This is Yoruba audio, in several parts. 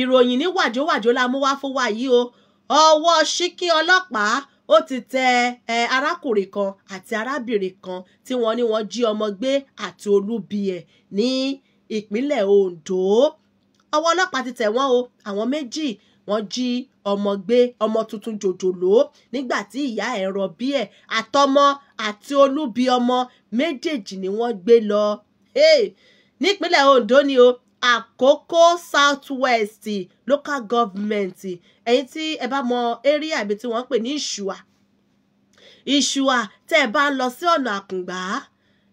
ìròyìn ní wàjówàjó la mú wá fún wa yìí o ọwọ́ ṣíkí ọlọ́pàá ó ti tẹ ẹ arákùnrin kan àti arábìnrin kan tí wọ́n ní wọ́n jí ọmọ gbé àti olúbi ẹ̀ ní ìpínlẹ̀ Ondo ọwọ́ ọlọ́pàá ti tẹ̀ wọ́n o àwọn méjì wọ́n jí ọmọ gbé ọmọ tuntun jòjòló nígbà tí ìyá ẹ̀ rọbí ẹ̀ àtọmọ àti olúbi ọmọ méjèèjì ni wọ́n gbé lọ nípínlẹ̀ Ondo ni o àkókò southwest local government ẹ̀yin tí ẹ bá mọ area ibi tí wọ́n ń pè ní ìṣùà ìṣùà tẹ́ ẹ bá lọ sí ọ̀nà àkùngbá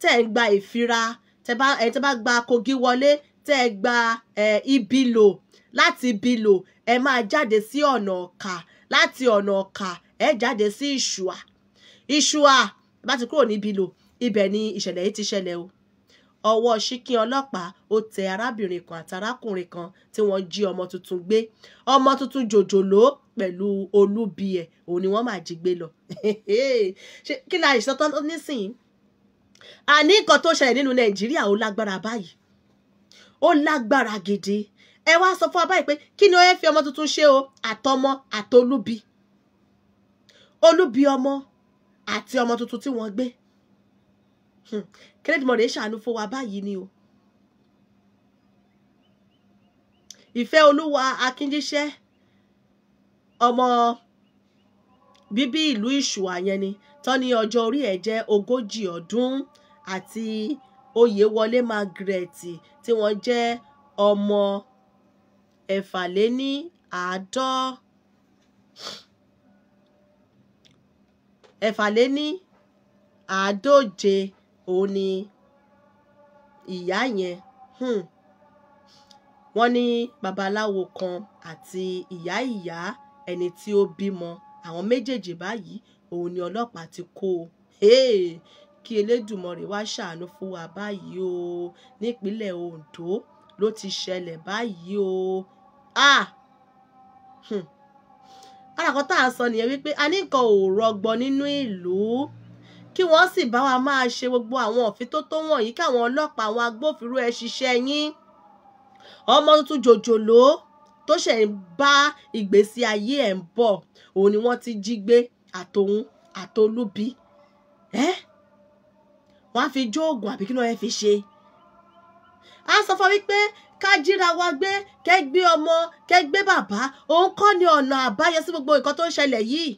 tẹ́ ẹ ń gba ìfira tẹ́ bá ẹ̀yin tẹ́ bá gba kogi wọlé tẹ́ ẹ gba ibilò láti ibilò ẹ máa jáde sí ọ̀nà ọ̀kà láti ọ̀nà ọ̀kà ẹ jáde sí ìṣùà ìṣùà bá ti kúrò níbi lò ibẹ̀ ni ìṣẹ̀lẹ̀ yìí ti ṣẹlẹ̀ o ọwọ́ síkí ọlọ́pàá ó tẹ arábìnrin kan àtàrákùnrin kan tí wọ́n jí ọmọ tuntun gbé ọmọ tuntun jòjòló pẹ̀lú olúbi ẹ̀ òun ni wọ́n máa jí gbé lọ kí la ìṣòtọ́ nísìnyí àní nǹkan tó ṣẹlẹ̀ nínú nàìjíríà ó lágbára báyìí ó lágbára gidi ẹ wá sọ fún wa báyìí pé kí ni ó yẹ fi ọmọ tuntun ṣe o àtọmọ àtolúbi olúbi ọmọ àti ọmọ tuntun tí wọ́n gbé hmm kẹ́lẹ́dìmọ̀ rẹ̀ ṣàánú fún wa báyìí ni o ìfẹ́ olúwa akínjíṣẹ́ ọmọ bíbí ìlú ìṣùwà yẹn ni tọ́ni ọjọ́ orí ẹ̀ jẹ́ ogójì ọdún àti oyèwọlé margaret tí wọ́n jẹ́ ọmọ ẹ̀fàléní àádọ́ ẹ̀fàléní àádóje òun ni ìyá yẹn hmm. wọ́n ní babaláwo kan àti ìyá ìyá ẹni tí ó bímọ àwọn méjèèjì báyìí òun ni ọlọ́pàá ti kó o kí Elédùmarè wá ṣàánú fún wa báyìí o nípínlẹ̀ Ondo ló ti ṣẹlẹ̀ báyìí o alákọ̀ọ́tà ah! hmm. sọ nìyẹn wípé a ní nǹkan ò rọgbọ nínú ìlú kí wọ́n sì bá wa máa ṣe gbogbo àwọn òfintótó wọ̀nyí káwọn ọlọ́pàá àwọn agbófinró ẹ ṣiṣẹ́ yín ọmọ tuntun jòjòló tó ṣẹ̀ ń bá ìgbésí ayé ẹ̀ ń bọ̀ òun ni wọ́n ti jí gbé àtòun àtolúbi ẹ́ wọ́n á fi jó oògùn àbí kí ló ẹ fi ṣe á sọ fún wípé ká jíra wa gbé kẹgbẹ́ ọmọ kẹgbẹ́ bàbá òun kọ́ ni ọ̀nà àbáyọ sí gbogbo nǹkan tó ń ṣẹlẹ̀ yìí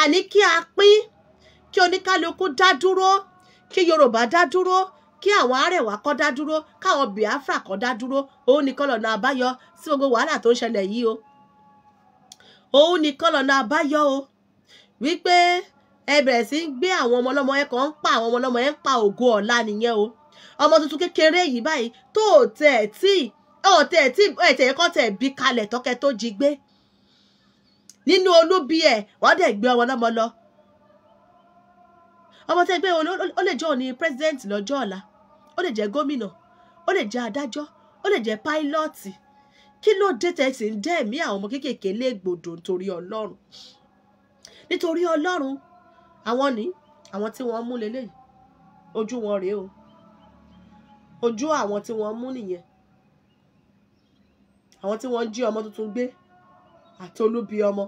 àní kí a pín kí oníkálukú dá dúró kí Yorùbá dá dúró kí àwọn arẹwà kọ́ dá dúró káwọn Biafra kọ́ dá dúró òun nìkan lọ́nà àbáyọ sí gbogbo wàhálà tó ń ṣẹlẹ̀ yìí o òun nìkan lọ́nà àbáyọ o wípé ẹ bẹ̀rẹ̀ sí ń gbé àwọn ọmọ ọlọ́mọ ẹ kàn ń pa àwọn ọmọ ọlọ́mọ ẹ ń pa ògo ọ̀la nìyẹn o ọmọ tuntun kékeré yìí báyìí tó tẹ̀ tí ọ̀tẹ̀ tí ẹ̀tẹ̀ yẹn kọ́ tẹ̀ bí kalẹ̀ tọ́kẹ́ tó jí gbé nínú olúbi ẹ̀ wọ́n dẹ̀ gbé ọmọ ọlọ́mọ lọ ọmọ tẹ́ gbé ó lè jẹ́ òní president lọ́jọ́ ọ̀la ó lè jẹ́ gómìnà ó lè jẹ́ adájọ́ ó lè jẹ́ pílọ́ọ̀tì kí ló dé tẹ́ sì ń dẹ́ ẹ̀mí àwọn ọmọ kéékèèké légbodò nítorí ọlọ́run nítorí ọlọ́run àwọn ni àwọn tí wọ́n mú leléyìí ojú wọn rèé o ojú àwọn tí wọ́n mú nìyẹn àwọn tí wọ́n jí ọmọ tuntun gbé àti olúbi ọmọ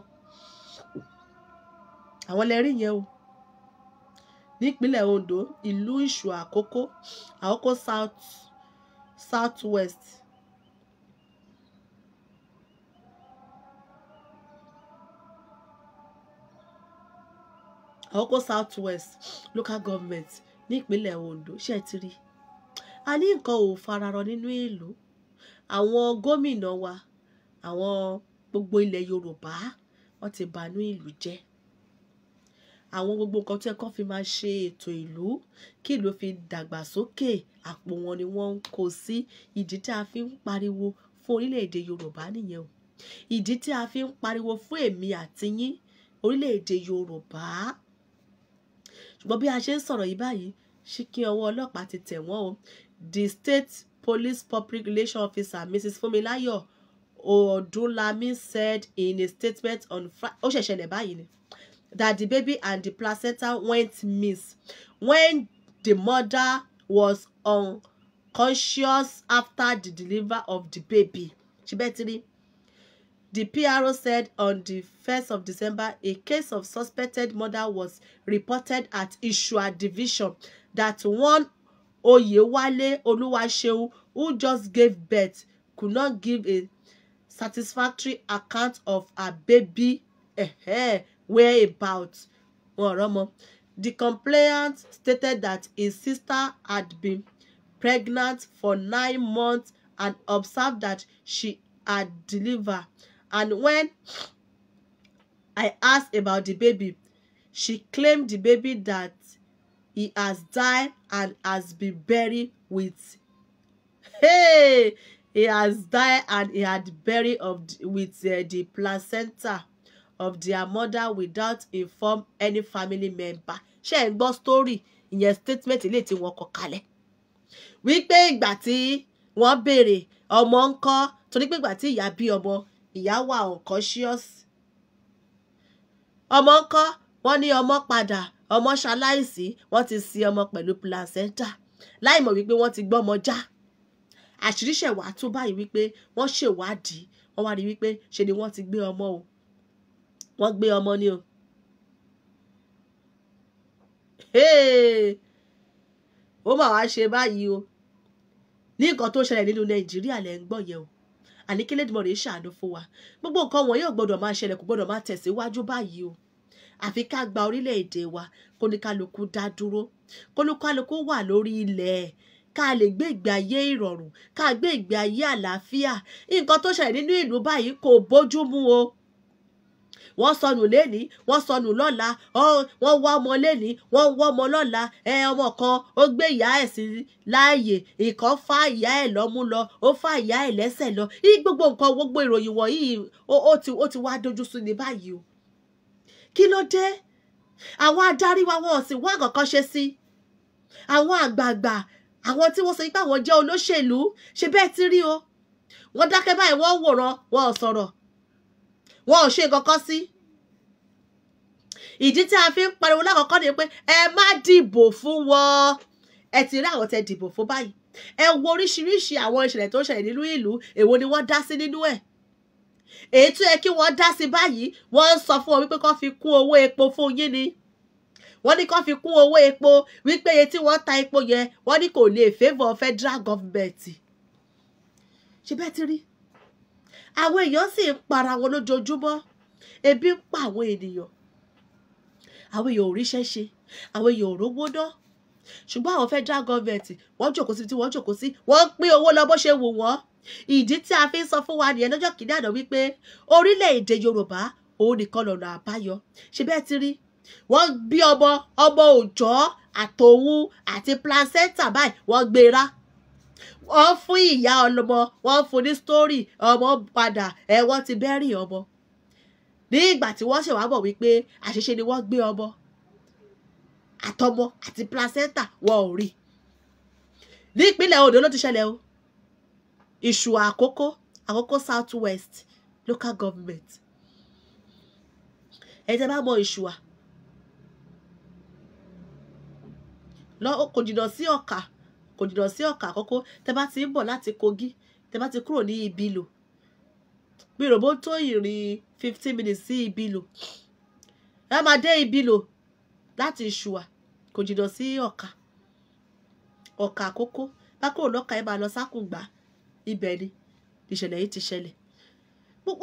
àwọn lè yẹn o nípínlẹ̀ Ondo ìlú Ìṣù Àkókó Àkókó South South West Àkókó South West local government nípínlẹ̀ Ondo ṣe ti rí a ní nǹkan ò fararọ nínú ìlú àwọn gómìnà wa àwọn gbogbo ilẹ̀ Yorùbá wọ́n ti banú ìlú jẹ́ àwọn gbogbo nǹkan tó yẹ kó fi máa ṣe ètò ìlú kí ìlú fi dàgbàsókè àpò wọn ni wọ́n ń kó sí ìdí tí a fi ń pariwo fún orílẹ̀-èdè Yorùbá nìyẹn o ìdí tí a fi ń pariwo fún èmi àti yín orílẹ̀-èdè Yorùbá ṣùgbọ́n bí a ṣe ń sọ̀rọ̀ yìí báyìí ṣíkí ọwọ́ ọlọ́pàá ti tẹ̀ wọ́n o the state police public relation officer Mrs. Funmilayo Odunlami said in a statement on Friday ó ṣẹ̀ṣẹ̀lẹ̀ báyìí ni that the baby and the placenta went miss when the mother was unconscious after the delivery of the baby. Chibetiri. The PRO said on the 1st of December, a case of suspected murder was reported at Ishua Division that one Oyewale Oluwaseun, who just gave birth, could not give a satisfactory account of her baby. Eh -eh whereabouts wọn the complainant stated that his sister had been pregnant for nine months and observed that she had delivered and when I asked about the baby she claimed the baby that he has died and has been buried with hey he has died and he had buried of the, with uh, the placenta of their mother without inform any family member ṣe ń gbọ́ story ìyẹn statement ilé tí wọ́n kọ kalẹ̀ wípé ìgbà tí wọ́n béèrè ọmọ ń kọ́ torí pé ìgbà tí ìyá bí ọmọ ìyá wà unconscious ọmọ ń kọ́ wọ́n ní ọmọ padà ọmọ ṣaláìsí wọ́n ti sin ọmọ pẹ̀lú placenta láìmọ̀ wípé wọ́n ti gbọ́mọ já àṣírí ṣẹ̀wá tó báyìí wípé wọ́n ṣèwádìí wọ́n wá rí wípé ṣe ni wọ́n ti gbé ọmọ o wọ́n gbé ọmọ ni o. ó mà wá ṣe báyìí o ní nǹkan tó ṣẹlẹ̀ nínú nàìjíríà lẹ́ ń gbọ́ yẹn o àní kí lẹ́dìmọ̀ rèé ṣàánú fún wa gbogbo nǹkan wọn yóò gbọ́dọ̀ máa ṣẹlẹ̀ kò gbọ́dọ̀ máa tẹ̀síwájú báyìí o àfi ká gba orílẹ̀-èdè wa kó ní kálukú dá dúró kó ní kálukú wà lórí ilẹ̀ ká lè gbé ìgbé ayé ìrọ̀rùn ká gbé ìgbé ayé àlàáfíà nǹkan tó ṣẹlẹ̀ nínú ìlú báyìí kò bójú mu o wọ́n sọnù lẹ́ni wọ́n sọnù lọ́la wọ́n wá ọmọ lẹ́ni wọ́n wá ọmọ lọ́la ẹ ọmọ kan ó gbé ìyá ẹ̀ sí láàyè ìkan fá ìyá ẹ̀ lọ́mú lọ ó fá ìyá ẹ̀ lẹ́sẹ̀ lọ yí gbogbo nǹkan gbogbo ìròyìn wọ̀nyí ó ti wá dojú sú ni báyìí o kí ló dé àwọn adarí wa wọn ò sì wá kankan ṣe sí àwọn àgbààgbà àwọn tí wọ́n sọ pé àwọn jẹ́ olóṣèlú ṣe bẹ́ẹ̀ ti rí o wọ́n dákẹ́ báyìí wọ́n wòran wọn ò wọn ò ṣe nǹkan kan sí ìdí tí a fi ń pariwo lákọ̀ọ́kọ́ ni pé ẹ má dìbò fún wọn ẹ ti rí àwọn tẹ dìbò fún báyìí ẹ wo oríṣiríṣi àwọn ìṣẹ̀lẹ̀ tó ń ṣẹlẹ̀ nínú ìlú èwo ni wọ́n dá sí nínú ẹ̀ èyí tó yẹ kí wọ́n dá sí báyìí wọ́n ń sọ fún wọn wípé kán fi kún owó epo fún yín ni wọ́n ní kán fi kún owó epo wípé iye tí wọ́n ta epo yẹn wọ́n ní kò lè favour federal government ṣe bẹ́ẹ̀ ti rí àwọn èèyàn sì ń para wọn lójoojúmọ́ ebi ń pa àwọn ènìyàn àwọn èèyàn ò ríṣẹ́ ṣe àwọn èèyàn ò rówó ná ṣùgbọ́n àwọn federal government wọ́n jòkó síbi tí wọ́n jòkó sí wọ́n ń pín owó lọ bó ṣe wù wọ́n ìdí tí a fi ń sọ fún wa nìyẹn lọ́jọ́ kìíní àná wípé orílẹ̀-èdè Yorùbá òun nìkan lọ́nà àbáyọ ṣe bẹ́ẹ̀ ti rí wọ́n bí ọmọ ọmọ òòjọ́ àtòun àti placenta báyìí wọ́n gbéra wọ́n fún ìyá ọlọ́mọ wọ́n fún ní sítórì ọmọ padà ẹ wọ́n ti bẹ́rì ọmọ ní ìgbà tí wọ́n ṣèwà bọ̀ wípé àṣìṣe ni wọ́n gbé ọmọ àtọmọ àti placenta wọn ò rí ní ìpínlẹ̀ Ondo ló ti ṣẹlẹ̀ o ìṣù àkókò àkókò south west local government ẹ̀jẹ̀ bá mọ ìṣùà lọ kò jìnnà sí ọ̀kà kò jìnnà sí ọ̀kà àkọ́kọ́ tẹ bá ti ń bọ̀ láti kogi tẹ bá ti kúrò ní ibi lò bí ròbó tó ìrìn fifteen minutes sí ibi lò ẹ máa dé ibi lò láti ìṣùwà kò jìnnà sí ọ̀kà ọ̀kà àkọ́kọ́ bá kúrò lọ́kà ẹ máa lọ sákùngbà ibẹ̀ ni ìṣẹ̀lẹ̀ yìí ti ṣẹlẹ̀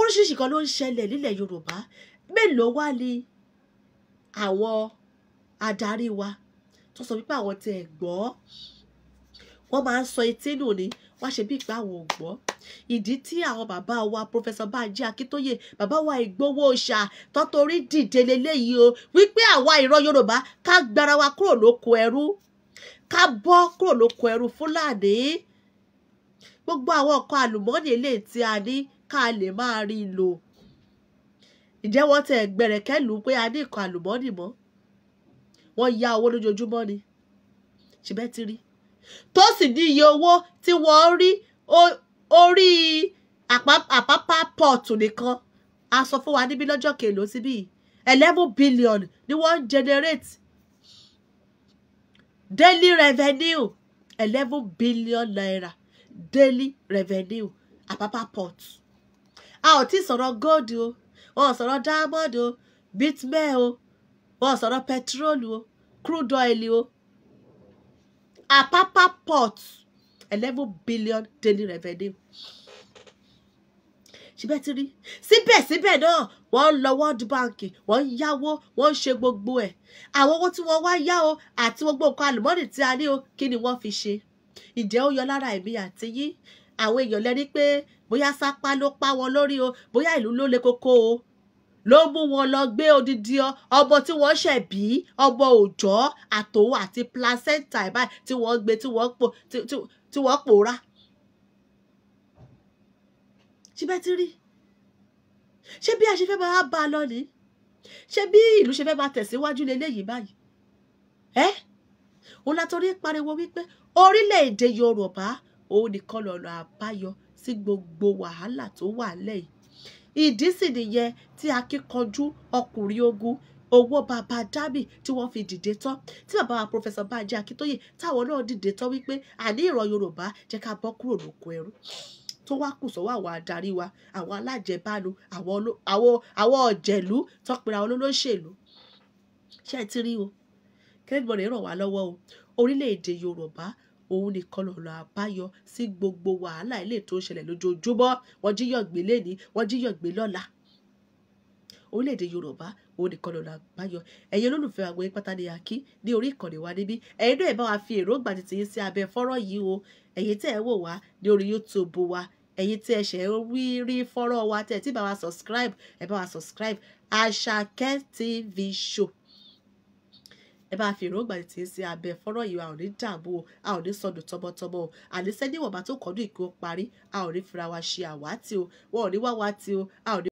oríṣiríṣi kan ló ń ṣẹlẹ̀ nílẹ̀ yorùbá mélòó wá ni àwọn adarí wa tó sọ wípé àwọn ti gbọ́ wọ́n máa ń sọ etí nù ni wá ṣe bí ìgbà àwọn ògbọ́ ìdí tí àwọn bàbá wa Professor Bánjí Akíntóyè bàbá wa Ìgbòho Òòṣà tọ́torí dìde leléyìí o wípé àwa ìran Yorùbá ká gbára wa kúrò lóko ẹrú ká bọ́ kúrò lóko ẹrú Fúlàní gbogbo àwọn ọkọ̀ àlùmọ́ọ́nì eléyìí tí a ní ká lè máa rí i lò ìjẹ́ wọ́n tẹ gbẹ̀rẹ̀kẹ́ lù ú pé a ní ìkọ̀ àlùmọ́ọ́nì mọ́ wọ́n ya owó lójoojúmọ́ ni ṣùgbẹ́ ti rí tó sì di iye owó tí wọ́n rí orí àpápá pọ́ọ̀tù nìkan a sọ fún wa níbí lọ́jọ́ kèlò síbí eleven billion ni wọ́n generate daily revenue eleven billion naira daily revenue àpápá pọ́ọ̀tù a ò tí sọ̀rọ̀ gold o wọn ò sọ̀rọ̀ diamond o bitmain o wọn sọ̀rọ̀ petrol o crude oil o Papa Port eleven billion daily revenue síbẹ̀ ti rí síbẹ̀síbẹ̀ náà wọ́n ń lọ world bank wọ́n ń yáwó wọ́n ń ṣe gbogbo ẹ̀ àwọn owó tí wọ́n wá yá o àti gbogbo nǹkan àlùmọ́ọ́nì tí a ní o kí ni wọ́n fi ṣe ìjẹ́ ó yọ lára ẹ̀mí àti yí àwọn èèyàn lẹ́rí pé bóyá sápá ló pa wọn lórí o bóyá ìlú ló le koko o ló mú wọn lọ gbé odidi ọmọ tí wọ́n ṣẹ̀ bí ọmọ òòjọ́ àtòun àti placenta ẹ̀ báyìí tí wọ́n gbé tí wọ́n pòórá. síbẹ̀ tí rí ṣé bí a ṣe fẹ́ máa bá a lọ ni ṣé bí ìlú ṣe fẹ́ máa tẹ̀síwájú leléyìí báyìí ẹ́ òun látọrí pariwo wípé orílẹ̀-èdè Yorùbá òun nìkan lọ̀nà àbáyọ sí gbogbo wàhálà tó wà lẹ́yìn ìdí sì nìyẹn tí akíkanjú ọkùnrin ogun owó bàbá dábì tí wọ́n fi dìde tán tí bàbá wa pòfẹ́sọ̀ Bánjí Akíntóyè táwọn náà dìde tán wípé àní ìran Yorùbá jẹ́ ká bọ́ kúrò lóko ẹrú tó wá kù sọ́wọ́ àwọn adarí wa àwọn alájẹbánu àwọn ọ̀jẹ̀lú tọpẹ́ra olólóṣèlú ṣe é ti rí o kẹ́lẹ́dìbọn ràn wá lọ́wọ́ o orílẹ̀ Yorùbá òun nìkan lọ̀rọ̀ àbáyọ sí gbogbo wàhálà ilé tó ń ṣẹlẹ̀ lójoojúmọ́ wọ́n jíyàn gbé lẹ́ni wọ́n jíyàn gbé lọ́la orílẹ̀-èdè yorùbá òun nìkan lọ̀rọ̀ àbáyọ ẹ̀yin olólùfẹ́ àwọn ìpátá ni àkí ní orí ìkànnì wa níbí ẹ̀yin náà ẹ̀ bá wa fi èròǹgbà tètè yín sí abẹ́ fọ́rọ̀ yìí o ẹ̀yin tẹ́ ẹ wò wá ní orí youtube wa ẹ̀yin tí ẹ ṣe wí rí fọ́rọ̀ wa tẹ̀ tí bá wa subscribe ẹ bá wa subscribe Àṣàkẹ́ TV show ẹ bá fi èròǹgbà tì í sí abẹ́ fọ́rọ̀ yìí a ò ní dààmú o a ò ní sọdún tọmọtọmọ o àníṣẹ́ níwọ̀nba tó kọ́dún ìkó parí a ò ní fira wa ṣe àwátì o wọn ò ní wá wa ti o a ò ní